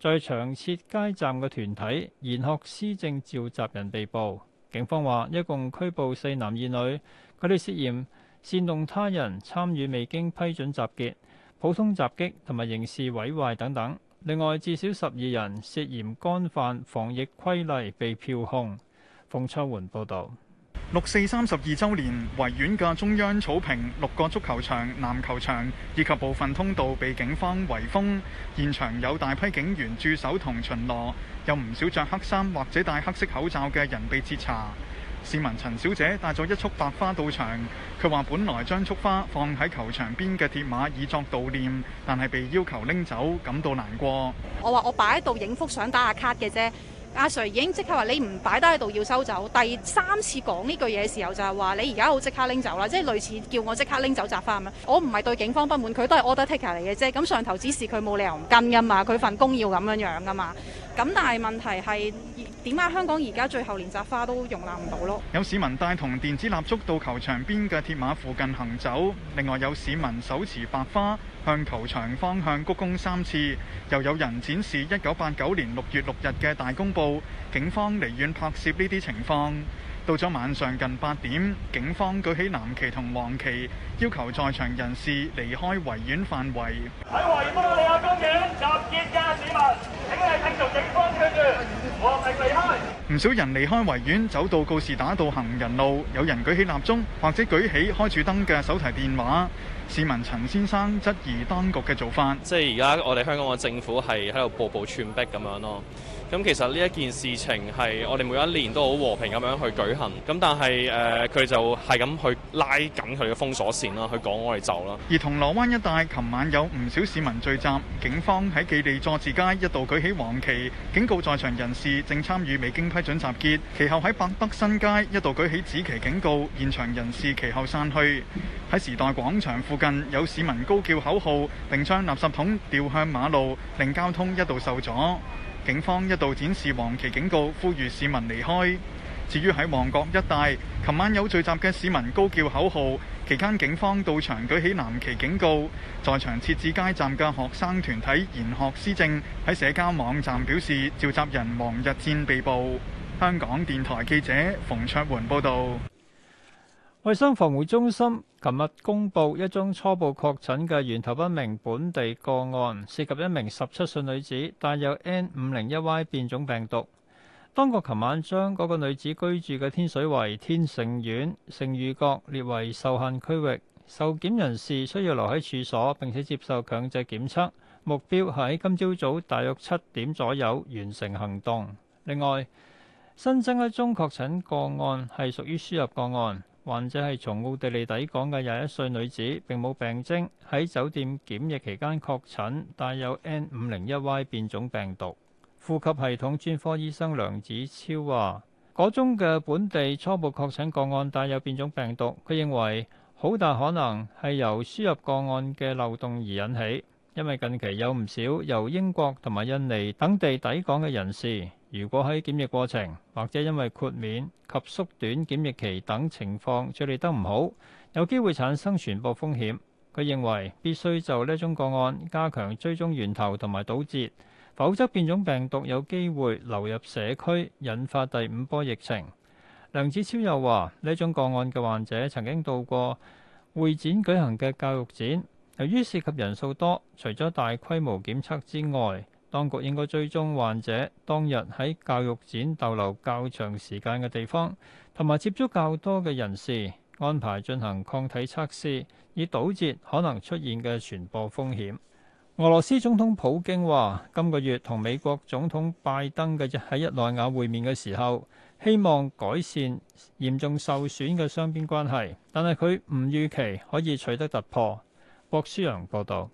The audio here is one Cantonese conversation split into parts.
在長設街站嘅團體賢學思政召集人被捕，警方話一共拘捕四男二女，佢哋涉嫌煽動他人參與未經批准集結、普通襲擊同埋刑事毀壞等等。另外至少十二人涉嫌干犯防疫規例被票控。馮秋緩報導。六四三十二周年維園嘅中央草坪，六個足球場、籃球場以及部分通道被警方圍封，現場有大批警員駐守同巡邏，有唔少着黑衫或者戴黑色口罩嘅人被截查。市民陳小姐帶咗一束白花到場，佢話本來將束花放喺球場邊嘅鐵馬以作悼念，但係被要求拎走，感到難過。我話我擺喺度影幅相打下卡嘅啫。阿 Sir 已經即刻話你唔擺低喺度要收走，第三次講呢句嘢嘅時候就係話你而家好即刻拎走啦，即係類似叫我即刻拎走紮花咁啊！我唔係對警方不滿，佢都係 order taker 嚟嘅啫。咁上頭指示佢冇理由唔跟噶嘛，佢份工要咁樣樣噶嘛。咁但係問題係點解香港而家最後連紮花都容納唔到咯？有市民帶同電子蠟燭到球場邊嘅鐵馬附近行走，另外有市民手持白花向球場方向鞠躬三次，又有人展示一九八九年六月六日嘅大公警方離遠拍攝呢啲情況，到咗晚上近八點，警方舉起藍旗同黃旗，要求在場人士離開維園範圍。喺維多利亞公園集結嘅市民，請你聽從警方勸喻，和平離開。唔少人離開維園，走到告士打道行人路，有人舉起蠟燭，或者舉起開住燈嘅手提電話。市民陳先生質疑當局嘅做法，即係而家我哋香港嘅政府係喺度步步寸逼咁樣咯。咁其實呢一件事情係我哋每一年都好和平咁樣去舉行，咁但係誒佢就係咁去拉緊佢嘅封鎖線啦，去趕我哋走啦。而銅鑼灣一帶，琴晚有唔少市民聚集，警方喺記利佐治街一度舉起黃旗警告在場人士正參與未經批准集結，其後喺百德新街一度舉起紫旗警告現場人士，其後散去。喺時代廣場附近有市民高叫口號，並將垃圾桶掉向馬路，令交通一度受阻。警方一度展示黃旗警告，呼籲市民離開，至於喺旺角一帶琴晚有聚集嘅市民高叫口號期間，警方到場舉起藍旗警告，在場設置街站嘅學生團體賢學思政喺社交網站表示，召集人黃日戰被捕。香港電台記者馮卓媛報道。衛生防護中心琴日公布一宗初步確診嘅源頭不明本地個案，涉及一名十七歲女子，帶有 N 五零一 Y 變種病毒。當局琴晚將嗰個女子居住嘅天水圍天盛苑盛譽閣列為受限區域，受檢人士需要留喺處所，並且接受強制檢測。目標喺今朝早，早大約七點左右完成行動。另外，新增一宗確診個案係屬於輸入個案。患者係從奧地利抵港嘅廿一歲女子，並冇病徵，喺酒店檢疫期間確診，帶有 N 五零一 Y 變種病毒。呼吸系統專科醫生梁子超話，嗰宗嘅本地初步確診個案帶有變種病毒，佢認為好大可能係由輸入個案嘅漏洞而引起。因為近期有唔少由英國同埋印尼等地抵港嘅人士，如果喺檢疫過程或者因為豁免及縮短檢疫期等情況處理得唔好，有機會產生傳播風險。佢認為必須就呢宗個案加強追蹤源頭同埋堵截，否則變種病毒有機會流入社區，引發第五波疫情。梁子超又話：呢宗個案嘅患者曾經到過會展舉行嘅教育展。由於涉及人數多，除咗大規模檢測之外，當局應該追蹤患者當日喺教育展逗留較長時間嘅地方，同埋接觸較多嘅人士，安排進行抗體測試，以堵截可能出現嘅傳播風險。俄羅斯總統普京話：今個月同美國總統拜登嘅喺日內瓦會面嘅時候，希望改善嚴重受損嘅雙邊關係，但係佢唔預期可以取得突破。博思陽報道，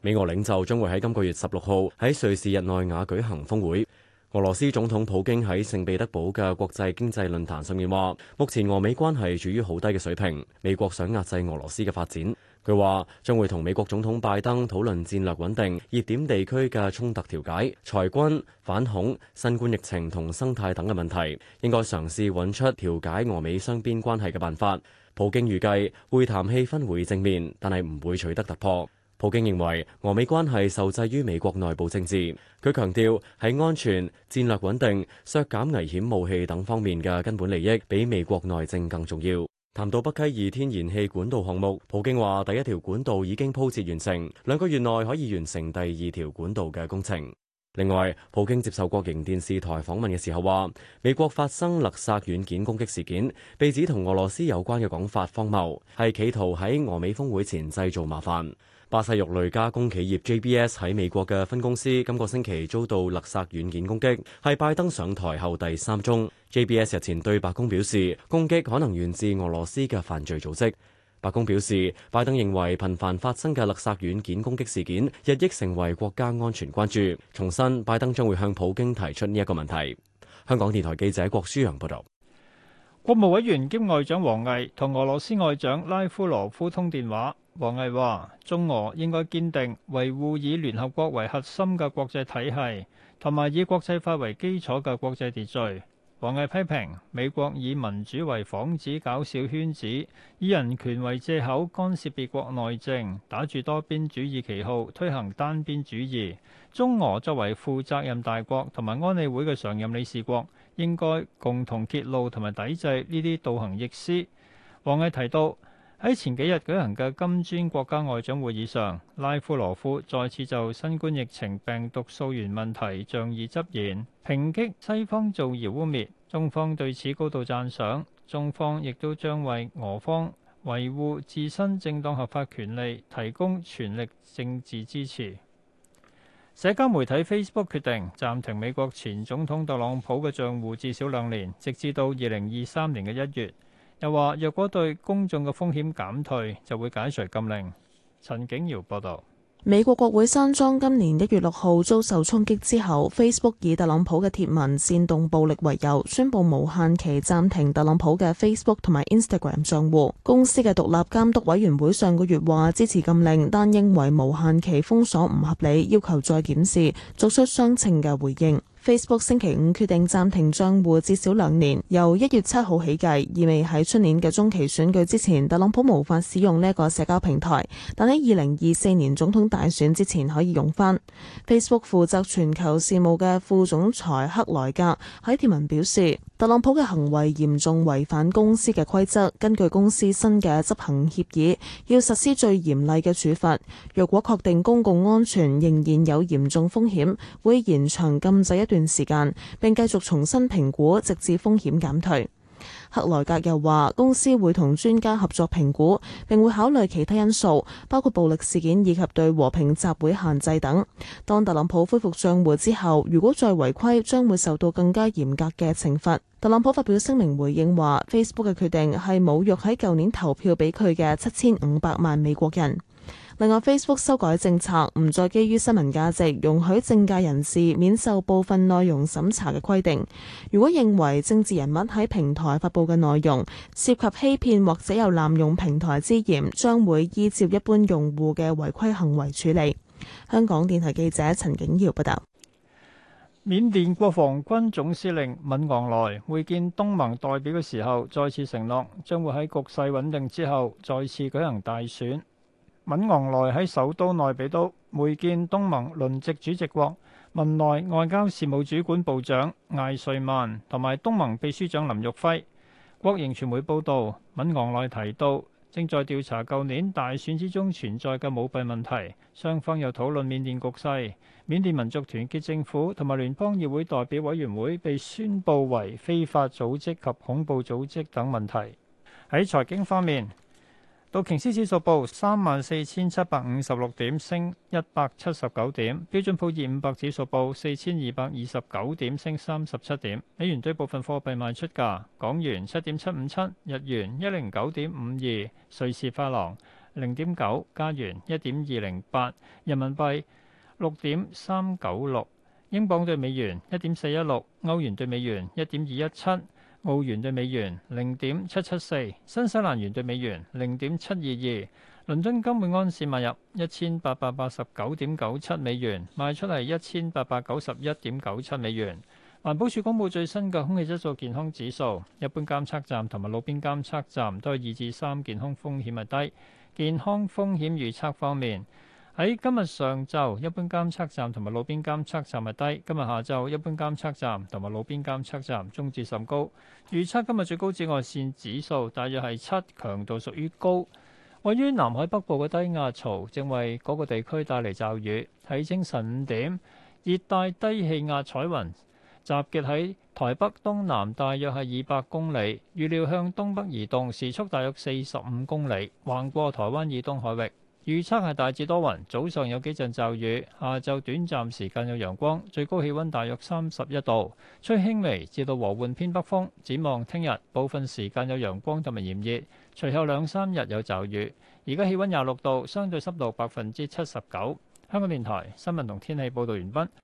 美俄領袖將會喺今個月十六號喺瑞士日內瓦舉行峰會。俄羅斯總統普京喺聖彼得堡嘅國際經濟論壇上面話，目前俄美關係處於好低嘅水平，美國想壓制俄羅斯嘅發展。佢話將會同美國總統拜登討論戰略穩定、熱點地區嘅衝突調解、裁軍、反恐、新冠疫情同生態等嘅問題，應該嘗試揾出調解俄美雙邊關係嘅辦法。普京預計會談氣氛會正面，但係唔會取得突破。普京認為俄美關係受制於美國內部政治。佢強調喺安全、戰略穩定、削減危險武器等方面嘅根本利益，比美國內政更重要。談到北溪二天然氣管道項目，普京話：第一條管道已經鋪設完成，兩個月內可以完成第二條管道嘅工程。另外，普京接受國營電視台訪問嘅時候話，美國發生勒索軟件攻擊事件，被指同俄羅斯有關嘅講法荒謬，係企圖喺俄美峰會前製造麻煩。巴西肉類加工企業 JBS 喺美國嘅分公司今個星期遭到勒索軟件攻擊，係拜登上台後第三宗。JBS 日前對白宮表示，攻擊可能源自俄羅斯嘅犯罪組織。白宮表示，拜登認為頻繁發生嘅勒索軟件攻擊事件日益成為國家安全關注。重申，拜登將會向普京提出呢一個問題。香港電台記者郭書陽報道。國務委員兼外長王毅同俄羅斯外長拉夫羅夫通電話。王毅話：中俄應該堅定維護以聯合國為核心嘅國際體系，同埋以國際法為基礎嘅國際秩序。王毅批評美國以民主為幌子搞小圈子，以人權為借口干涉別國內政，打著多邊主義旗號推行單邊主義，中俄作為負責任大國同埋安理會嘅常任理事國應該共同揭露同埋抵制呢啲倒行逆施。王毅提到。喺前幾日舉行嘅金磚國家外長會議上，拉夫羅夫再次就新冠疫情病毒溯源問題仗義執言，抨擊西方造謠污蔑，中方對此高度讚賞。中方亦都將為俄方維護自身正當合法權利提供全力政治支持。社交媒體 Facebook 決定暫停美國前總統特朗普嘅賬戶至少兩年，直至到二零二三年嘅一月。又話，若果對公眾嘅風險減退，就會解除禁令。陳景堯報道，美國國會山莊今年一月六號遭受衝擊之後，Facebook 以特朗普嘅貼文煽動暴力為由，宣布無限期暫停特朗普嘅 Facebook 同埋 Instagram 賬戶。公司嘅獨立監督委員會上個月話支持禁令，但認為無限期封鎖唔合理，要求再檢視，作出相稱嘅回應。Facebook 星期五決定暫停帳戶至少兩年，由一月七號起計，意味喺出年嘅中期選舉之前，特朗普無法使用呢個社交平台，但喺二零二四年總統大選之前可以用返。Facebook 負責全球事務嘅副總裁克萊格喺貼文表示。特朗普嘅行為嚴重違反公司嘅規則，根據公司新嘅執行協議，要實施最嚴厲嘅處罰，若果確定公共安全仍然有嚴重風險，會延長禁制一段時間，並繼續重新評估，直至風險減退。克萊格又話公司會同專家合作評估，並會考慮其他因素，包括暴力事件以及對和平集會限制等。當特朗普恢復賬戶之後，如果再違規，將會受到更加嚴格嘅懲罰。特朗普發表聲明回應話 Facebook 嘅決定係侮辱喺舊年投票俾佢嘅七千五百萬美國人。另外，Facebook 修改政策，唔再基於新聞價值容許政界人士免受部分內容審查嘅規定。如果認為政治人物喺平台發佈嘅內容涉及欺騙或者有濫用平台之嫌，將會依照一般用戶嘅違規行為處理。香港電台記者陳景瑤報道。緬甸國防軍總司令敏昂萊會見東盟代表嘅時候，再次承諾將會喺局勢穩定之後再次舉行大選。敏昂萊喺首都內比都會見東盟輪值主席國文萊外交事務主管部長艾瑞曼同埋東盟秘書長林玉輝。國營傳媒報道，敏昂萊提到正在調查舊年大選之中存在嘅舞弊問題，雙方又討論緬甸局勢。緬甸民族團結政府同埋聯邦議會代表委員會被宣布為非法組織及恐怖組織等問題。喺財經方面。道瓊斯指數報三萬四千七百五十六點，升一百七十九點。標準普爾五百指數報四千二百二十九點，升三十七點。美元對部分貨幣賣出價：港元七點七五七，日元一零九點五二，瑞士法郎零點九，加元一點二零八，人民幣六點三九六，英鎊對美元一點四一六，歐元對美元一點二一七。澳元兌美元零點七七四，新西蘭元兌美元零點七二二。倫敦金每安士買入一千八百八十九點九七美元，賣出嚟一千八百九十一點九七美元。環保署公布最新嘅空氣質素健康指數，一般監測站同埋路邊監測站都係二至三，健康風險係低。健康風險預測方面。喺今日上晝，一般監測站同埋路邊監測站係低；今日下晝，一般監測站同埋路邊監測站中至甚高。預測今日最高紫外線指數大約係七，強度屬於高。位於南海北部嘅低壓槽正為嗰個地區帶嚟驟雨。睇清晨五點，熱帶低氣壓彩雲集結喺台北東南，大約係二百公里，預料向東北移動，時速大約四十五公里，橫過台灣以東海域。預測係大致多雲，早上有幾陣驟雨，下晝短暫時間有陽光，最高氣温大約三十一度，吹輕微至到和緩偏北風。展望聽日部分時間有陽光同埋炎熱，隨後兩三日有驟雨。而家氣温廿六度，相對濕度百分之七十九。香港電台新聞同天氣報導完畢。